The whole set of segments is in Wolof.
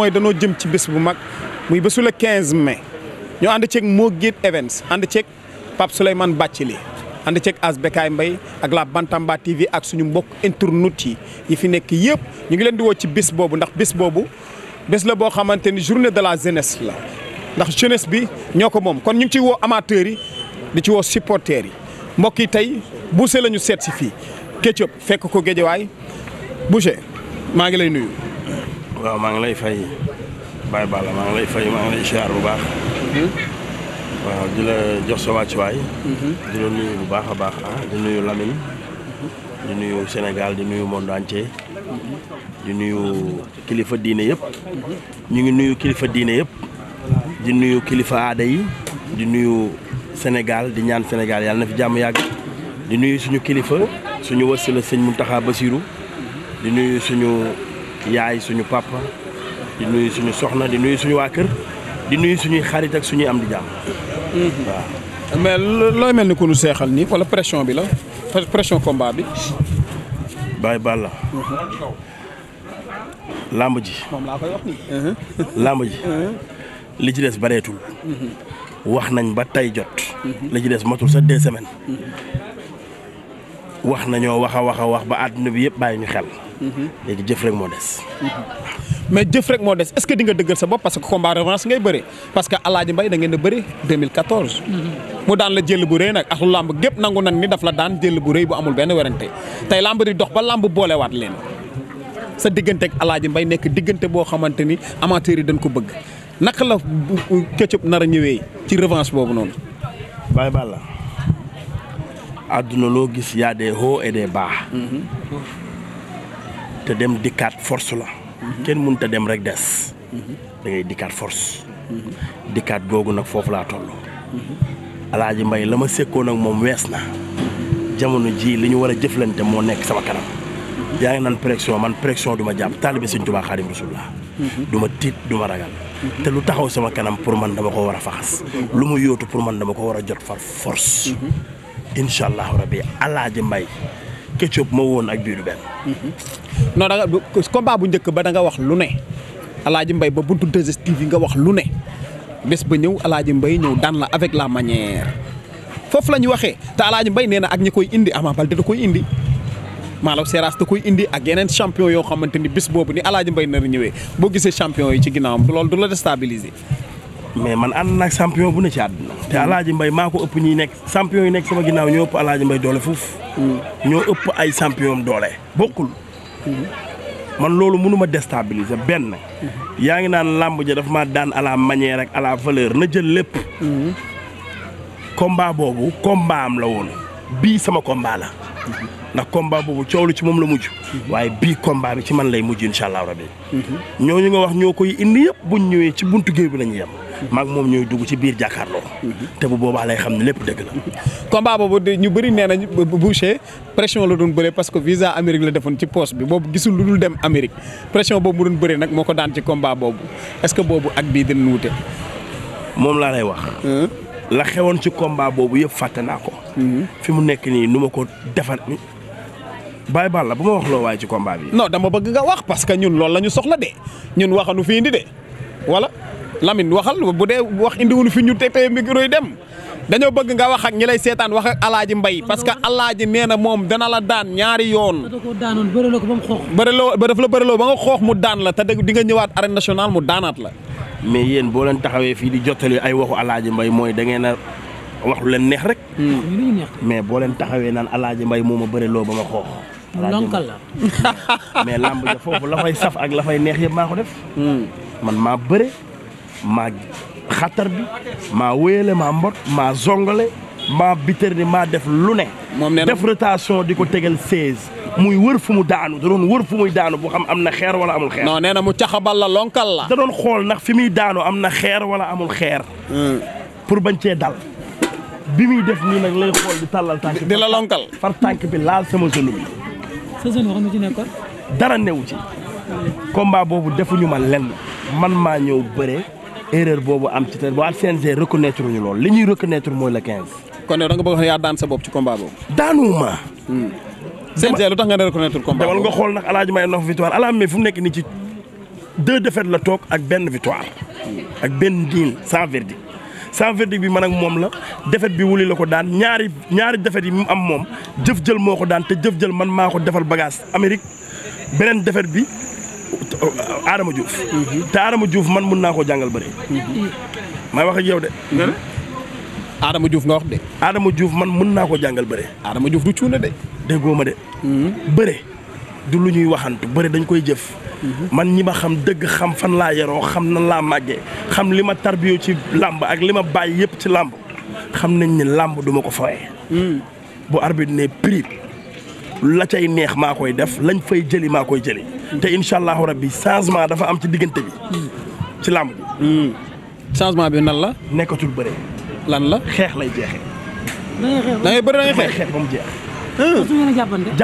mooy danoo jëm ci bés bu mag muy bésu le mais mai ñu ànd ceeg Mo gét Events ànd ceeg Pape Souleymane li ànd ceeg As Bekaay Mbaye ak la Bantamba TV ak suñu mbokk internautes yi yi fi nekk yëpp ñu ngi leen di woo ci bés boobu ndax bés boobu bés la boo xamante ni journée de la jeunesse la ndax jeunesse bi ñoo ko moom kon ñu ngi ciy woo amateurs yi di ci woo supporters yi mbokk yi tey Boucher la ñu seet si fii Ketchup fekk ko Géejawaay Boucher maa ngi lay nuyu. waaw maa ngi lay fay Baye Balla maa ngi lay fay maa ngi lay siyaar bu baax. Mhm. waaw di la jox sa wàccuwaay. Mhm. di la nuyu bu baax a baax ah di nuyu Lamine. Mhm. di nuyu Sénégal di nuyu monde di nuyu kilifa diine yëpp. ñu ngi nuyu kilifa diine yëpp. di nuyu kilifa aada yi. di nuyu Sénégal di ñaan Sénégal yàlla na fi jàmm yàgg. di nuyu suñu kilifa suñu wasila sëñ Mountakha Bassirou. di nuyu suñu. yaay suñu papa di nuyu suñu soxna di nuyu suñu waa kër di nuyu suñuy xarit ak suñuy am di jàmm. Mm-hmm. waaw. mais looy mel ni ku nu seexal nii wala pression bi la pression combat bi. Baye Balla. Mm-hmm. làmb ji. làmb mm-hmm. ji. li ci des bareetul. wax nañ ba tey jot. li ci des matul sa deux semaines. wax nañoo wax a wax wax ba àdduna bi yëpp bàyyi ñu xel. léegi jëf rek moo des. mais jëf rek moo des est-ce que di nga dëggal sa bopp parce que combat revanche ngay bëri parce que Aladji Mbaye da ngeen a bëri mu daan la jël bu rëy nag ak làmb gépp nangu nan ni daf daan jël bu rëy bu amul benn werante tey làmb di dox ba làmb boolewaat leen sa diggante ak Aladji Mbaye nekk diggante boo xamante ni amateurs yi dañ ko bëgg naka la Ketchup nar a ñëwee ci revanche boobu noonu. bàyyi baal àdduna loo gis yaa a des hauts et des te dikkaat force la mhm. kenn mënut dem rek des mhm. da dikkaat force mhm. dikkaat googu nag foofu laa toll alaaji mbay la ma sekkoon ak moom wees na jamono ji li ñu war a jëflante moo nekk sama kanam yaa ngi naan pression man pression du ma jàpp taalibe sëñ Tuubaa Xaadim Rasulullah du ma tiit duma ragal te lu taxaw sama kanam pour man dama ko war a faxas lu mu yootu pour man dama ko war a jot far force incha allahu rabbi alaaji mbay Ketchup ma woon ak biiru benn. Mm-hmm. non da bu njëkk ba da nga wax lu ne Alaaji Mbay ba buntu 2 yi nga wax lu ne bés ba ñëw Alaaji Mbay ñëw daan la avec la manière foofu la ñu waxee te Alaaji Mbay nee na ak ñi koy indi Ama Baldé da koy indi. Malaw Seras da koy indi ak yeneen champion yoo xamante ni bis boobu ni Alaaji Mbay nar ñëwee boo gisee champion yi ci ginnaawam loolu du la déstabiliser. mais man ànd naag champion bu ne ci àdduna te alaaji mbay maa ko ëpp ñiy nekk champion yi nekk sama ginnaaw ñoo ëpp alaaji doole foofu ñoo ëpp ay champion doole bokkul man loolu mënu ma déstabiliser benn yaa ngi naan làmb ja dafa ma daan à la manière ak à la valeur na jël lépp combat boobu combat am la woon bii sama combat la ndax combat boobu coow lu ci moom la mujj waaye bii combat bi ci man lay mujj incha allahu ñoo ñu nga wax ñoo koy indi yëpp buñ ñëwee ci buntu géew bi la ñuy yem maag moom ñooy dugg ci biir jàkkaarloo. te bu boobaa lay xam ne lépp dëgg la. combat boobu ñu bëri nee nañ Boucher pression la doon bëree parce que visa Amérique la defoon ci poste bi boobu gisul lu dul dem Amérique pression boobu mu doon bëree nag moo ko daan ci combat boobu est que boobu ak bii dinañ wute. moom laa lay wax. la xewoon ci combat boobu yëpp fàtte naa ko. Mhm. fi mu nekk nii nu ma ko defar. baal la bu ma wax loo waaye ci combat bi. non dama bëgg nga wax parce que ñun loolu la soxla de ñun waxanu fi indi de wala. Lamine waxal bu dee wax indiwul fi ñu te tey micro dem dañoo bëgg nga wax ak ñi lay seetaan wax ak alaaji mbay parce que alaaji nee na moom dana la daan ñaari yoon. bëreloo ba dafa la bëreloo ba nga xoox mu daan la te di nga ñëwaat arène nationale mu daanaat la. mais yéen boo leen taxawee fii di jottali ay waxu alaaji mbay mooy da ngeen wax hmm. lu leen neex rek. mais boo leen taxawee naan alaaji mbay moo ma bëreloo ba ma xoox. lonkal la mais lamb ja foofu la saf ak la fay neex yëpp maa ko def. Hmm. man maa bëre. maa xatar bi maa wéyale maa mbot maa zongale maa bitter ni maa def lu ne. moom nee na def rotation di ko tegal 16. muy wër fu mu daanu da doon wër fu muy daanu bu xam am na xeer wala amul xeer. non nee na mu caxabal la lonkal la. doon xool ndax fi muy daanu am na xeer wala amul xeer. Hmm. pour bañ cee dal. bi muy def nii nag lay xool di tàllal tànk di la lonkal. tànk bi laal sama zone bi. sa zone wax na ci dara newu ci. combat boobu defuñu ma lenn man maa ñëw bëre. erreur boobu am ci te waa CNG reconnaître ñu loolu li ñuy reconnaître mooy la 15. kon da nga bëgg wax yaa daan sa bopp ci combat boobu. daanuuma. Hmm. CNG lu tax nga ne reconnaître combat boobu. demal nga xool nag El Hadj May nox victoire El Hadj May fu nekk nii ci deux défaites la toog ak benn victoire. Hmm. ak benn diin sans verdict sans verdict bi man ak moom la défaite bi wuli la ko daan ñaari ñaari défaite yi mu am moom jëf jël moo ko daan te jëf jël man maa ko defal bagage Amérique beneen défaite bi. Adama Diouf. te Adama Diouf man mën naa koo jàngal bëri. may wax ak yow de. Adama juuf nga wax de. Adama Diouf man mën naa koo jàngal bëre. Adama Diouf du cuune de. déggoo ma de. bëre du lu ñuy waxantu bëre dañ koy jëf. man ñi ma xam dëgg xam fan laa yaroo xam nan laa màggee xam li ma tarbiyoo ci làmb ak li ma bàyyi yëpp ci làmb xam nañ ne làmb duma ko fawee. Hmm. bu arbitre ne prix la cay neex maa koy def lañ fay jëli maa koy jëli te incha allahu rabbi changement dafa am ci diggante bi hmm. ci làmb bi hmm. changement bi nan la nekkatul bëre lan la xeex lay jeexee da ngay bëri da ngay xeex xeex ba mu jeex hmm. su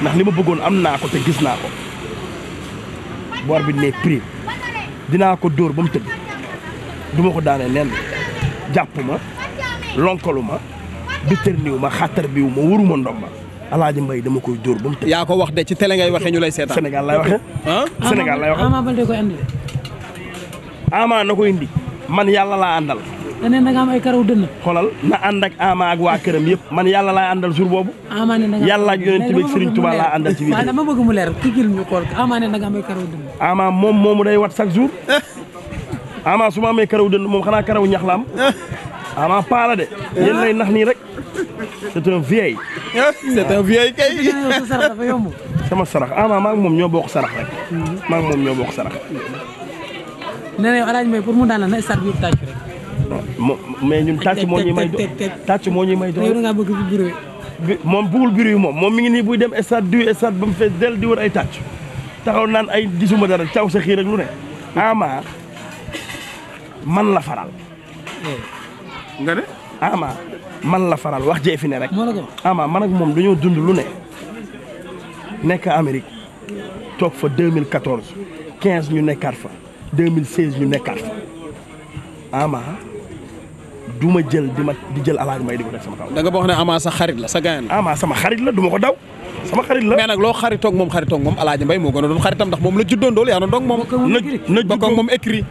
ndax li ma bëggoon am naa ko te gis naa ko boor bi ne prix dinaa ko dóor ba mu tëdd du ma ko daanee nenn jàpp ma lonkalu ma bitërniw ma xàttar biwu ma wëru ma Alaaji Mbay dama koy dóor ba mu yaa ko wax de ci télé ngay waxee ñu lay seetaan. Sénégal lay waxee. ah Sénégal lay waxee. Ama Baldé ko indi de. Ama na ko indi. man yàlla laa àndal. da ne da nga am ay karaw dënn. xoolal na ànd ak Ama waa këram yëpp. man yàlla laa àndal jour boobu. Ama ne da nga yàlla ak yonent bi Serigne Touba laa àndal ci biir. waaw dama bëgg mu leer tijjil ñu xool Ama ne da am ay karaw dënn. moom moomu day wat chaque jour. Ama su ma amee karaw dënn moom xanaa karaw ñax la am. Ama paa la de. yéen lay nax nii rek c'est un c'est un vieil kay. sama sarax ama ah, maa ngi moom ñoo bokk sarax rek. maa ngi moom ñoo bokk sarax. nee na yow alaaj may pour mu daan na stade bi yëpp tàcc rek. mais ñun tàcc moo ñuy may. tàcc moo ñuy may doon yow bëgg bureau bi moom bugul bureau moom moom mi ngi nii buy dem stade du stade ba mu fees del di wër ay tàcc. taxaw naan ay gisuma dara caaw sa xiir ak lu ne. ama man la faral. nga ama man la faral wax jee fi ne rek. ama man nag moom dañoo dund lu ne nekk Amérique toog fa 2014 15 ñu nekkaat fa 2016 ñu nekkaat fa ama du ma jël di ma di jël Aladji Mbaye di ko def sama kaw. da nga wax ne ama sa xarit la sa gaañ la. sama xarit la du ma ko daw. sama xarit la mais nag loo xaritoog moom xaritoog moom Aladji Mbaye moo gën a doon xaritam ndax moom la juddoon dool yaa na doog moom na na juddoo moom écrit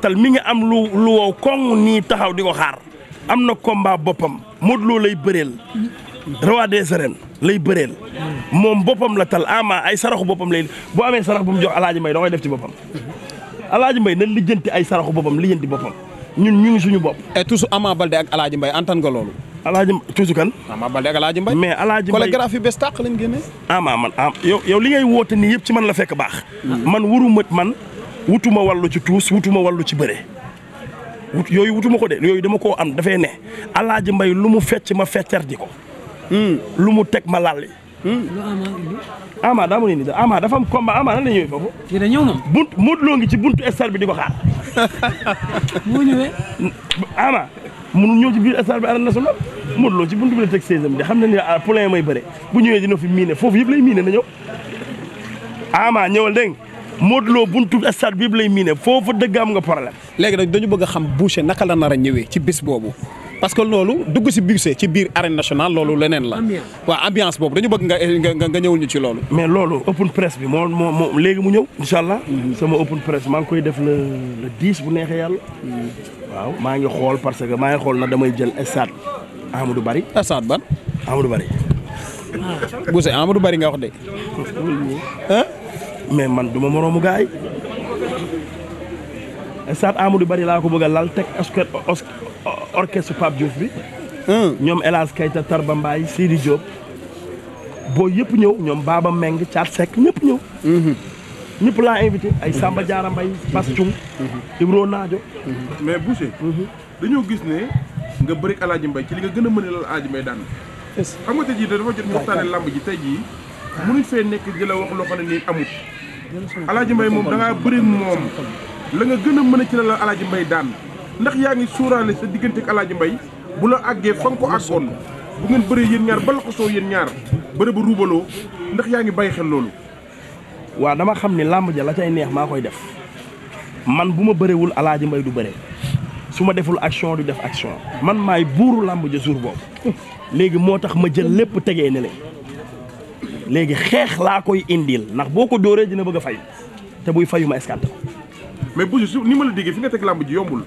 tal mi ngi am lu lu wow koŋ nii taxaw di ko am na combat boppam Modou Lo lay bëreel roi des arènes lay bëreel moom boppam la tal ama ah, ay saraxu boppam lay boo amee sarax bu mu jox alaaji mbay da koy def ci boppam alaaji mbay na lijjanti ay saraxu boppam lijjanti boppam ñun ñu ngi suñu bopp et eh, toujours Ama Baldé ak alaaji mbay antan nga loolu alaaji toujours kan Ama Baldé ak alaaji mbay mais alaaji mbay chorégraphie bés tàq lañ génnee ama ah, man am ah, yow yow li ngay woote nii yëpp ci man la fekk baax hmm. man waruma man wutuma wàllu ci tuus wutuma wàllu ci bëre wut yooyu wutuma ko de yooyu dama koo am dafay ne alaaji mbay lu mu fecc ma feccer ji ko. Hmm. lu mu teg ma lalli. Hmm. lu Ama indi. Ama daa ma indi Ama dafa am combat Ama nan la ñëwee foofu. kii da ñëw bunt Modou Lo ngi ci bunt stade bi di ko xaar. moo ñëwee. Ama mënul ñëw ci biir stade bi arène nationale Modou ci buntu bi la teg saison bi de xam na ne a ah, poulain may bëre bu ñëwee dina fi miiné foofu yëpp lay miine na ñëw. Ama ñëwal dégg Modou loo buntu stade bi lay miiné foofu dëgg am nga problème. léegi nag dañu bëgg a xam Boucher naka la nar a ñëwee ci bis boobu parce que loolu dugg si Boucher ci biir arène national loolu leneen la. waaw ambiance boobu dañu bëgg nga nga nga ñëwul ñu ci loolu. mais loolu open press bi moo moo moo léegi mu ñëw incha allah. Mm-hmm. sama open press maa ngi koy def le le bu neexee yàlla. Mm-hmm. waaw maa ngi xool parce que maa ngi xool na damay jël stade Amadou Bari. stade ban. Amadou Bari. Boucher Amadou Bari nga wax de. mais man du ma moroomu gars yi stade Amadou Barry laa ko bëgg a lal teg orchestre Pape Diouf bi. Hmm. ñoom El Hadj Keita Tarba Mbaye Sidi boo yëpp ñëw ñoom Baba Meng Thiat Seck ñëpp ñëw. Hmm. ñëpp laa invité ay Samba Diarra Mbaye Bass Thioung. Hmm. Ibro Naajo. mais Boucher. dañoo gis ne nga bëri Alaaji Mbaye ci li nga gën a mën a lal Alaaji Mbaye daan. xam a tey jii dafa jot ñu waxtaanee lamb ji tey jii. mënuñ fee nekk di la wax loo xam ne nii amut alaaji mbay moom da ngaa bëri moom la nga gën a mën a ci la la alaaji mbay daan ndax yaa ngi suuraale sa diggante ak mbay bu la àggee fa nga ko àggoon bu ngeen bëree yéen ñaar bala ko soo yéen ñaar bëri ba ruubaloo ndax yaa ngi bay xel loolu waaw dama xam ni làmb ja la cay neex maa koy def man bu ma bëriwul alaaji mbay du bëre su ma deful action du def action man maay buur làmb ja jour boobu léegi moo tax ma jël lépp tegee ne léegi xeex laa koy indil ndax boo ko dóoree dina bëgg a fay te buy fayu ma escanté ko mais bu ni ma la déggee fi nga teg làmb ji yombul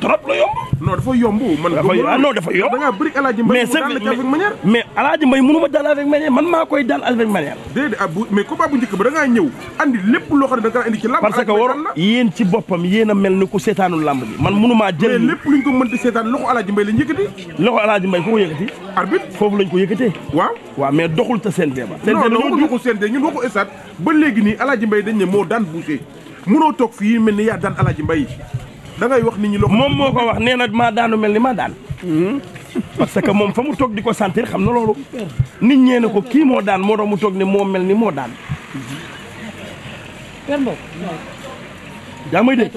trop la yomb. non dafa yomb man. dafa yomb non dafa yomb. da ngaa bëri El Hadj Mbaye mais El Hadj Mbaye mënu ma dal avec manière man maa koy dal avec manière. déedéet ah bu mais combat bu njëkk ba da ngaa ñëw andi lépp loo xam ne da nga andi ci lamb. parce que waroon yéen ci boppam yéen a mel ni ku seetaanul lamb bi man mënu maa jël. mais lépp luñ ko mënti seetaan loxo El Hadj Mbaye lañ yëkkati. loxo El Hadj Mbaye ku ko yëkkati. arbitre foofu lañ ko yëkkatee. waaw waaw mais doxul ta seen débat. seen débat non non ko seen débat ñun waxu esat ba léegi nii El Hadj Mbaye dañ ne moo daan bouger mënoo toog fii mel ni yaa daan El Hadj Mbaye da wax nit ñi la moom moo ko wax nee na maa daanu mel ni maa daan parce que moom fa mu toog di ko sentir xam na loolu nit ñee ne ko kii moo daan moo doon mu toog ne moo mel ni moo daan yaa may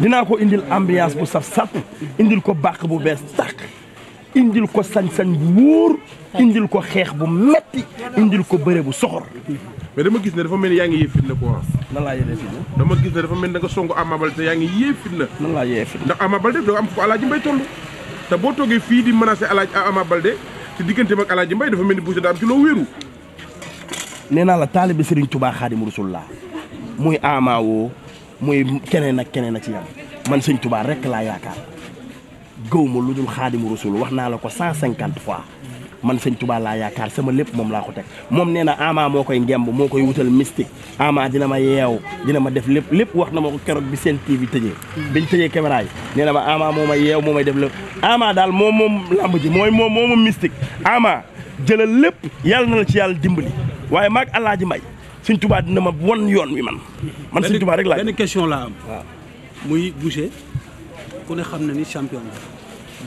dinaa ko indil ambiance bu saf saf indil ko bàq bu bees tàq indil ko sañ-sañ bu wóor indil ko xeex bu metti indil ko bëre bu soxor mais dama gis ne dafa mel ni yaa ngi yee fitna quoi nan laa yee fitna dama gis ne dafa mel ni da nga songu Ama Baldé yaa ngi yee fitna nan laa yee ndax Ama Baldé danga am ko Alaaji Mbay toll te boo toogee fii di menacer Alaaji ah, Ama Baldé te digganteem ak Alaaji Mbay dafa mel ni buuse da am ci wéeru nee naa la taalibe Serigne Touba Xaadimu laa muy Ama woo muy keneen ak keneen ak ci man Serigne Touba rek laa yaakaar gëwma lu dul xaadimu rasul wax naa la ko cent cinquante fois man sëñ Tuubaa laa yaakaar sama lépp moom laa ko teg moom nee na ama moo koy ngemb moo koy wutal mystique ama dina ma yeew dina ma def lépp lépp wax na ma ko keroog bi seen TV tëjee biñ tëjee caméra yi nee na ma ama moo ma yeew moo may def lépp ama daal moom moom làmb ji mooy moom moomu mystique jëlal lépp yàlla na la ci yàlla dimbali waaye maag Alaaji Mbay sëñ Tuubaa dina ma won yoon wi ma man sëñ Tuubaa rek laa benn question laa am waaw muy Boucher ku ne xam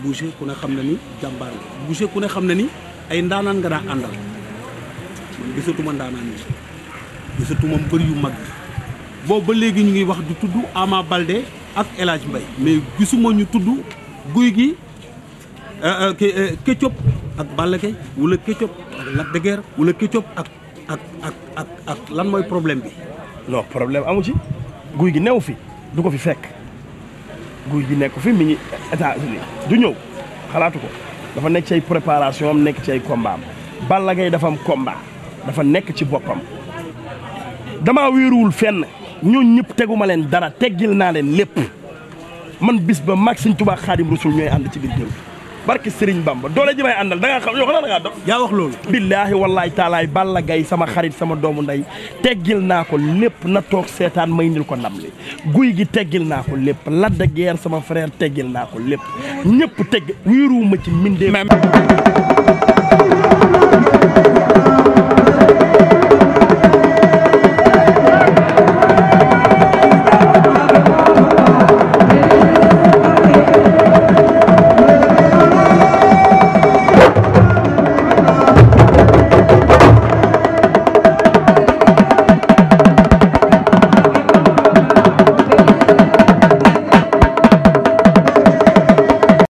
Boucher ku ne xam na ni jàmbaar la Boucher ku ne xam na ni ay ndaanaan nga daa àndal man gisatuma ndaanaan yi gisatuma mbër yu mag bi boobu ba léegi ñu ngi wax du tudd Ama Balde ak El Hadj mais gisuma ñu tudd guy gi euh, euh, euh, Ketchup ak Balla Gaye wala Ketchup ak wala Ketchup ak lan mooy problème bi non problème amu ci guy gi new fi du ko fi fekk guy gi nekk fi mi ngi États-Unis du ñëw xalaatu ko dafa nekk ci ay préparation nekk ci ay combat am Balla Gaye dafa am combat dafa nekk ci boppam damaa wéeruwul fenn ñooñ ñëpp teguma leen dara teggil naa leen lépp man bis ba mag Sëñ Tuubaa Xaadim Rasuul ñooy ànd ci biir géew barki Serigne Bamba doole ji may àndal da ngaa xam yoo xam ne da yaa wax loolu. billaahi wallaahi taalaay Balla Gaye sama xarit sama doomu ndey teggil naa ko lépp na toog seetaan may indil ko ndam li guy gi teggil naa ko lépp Lac de sama frère teggil naa ko lépp ñëpp tegg wiiruwuma ci mindee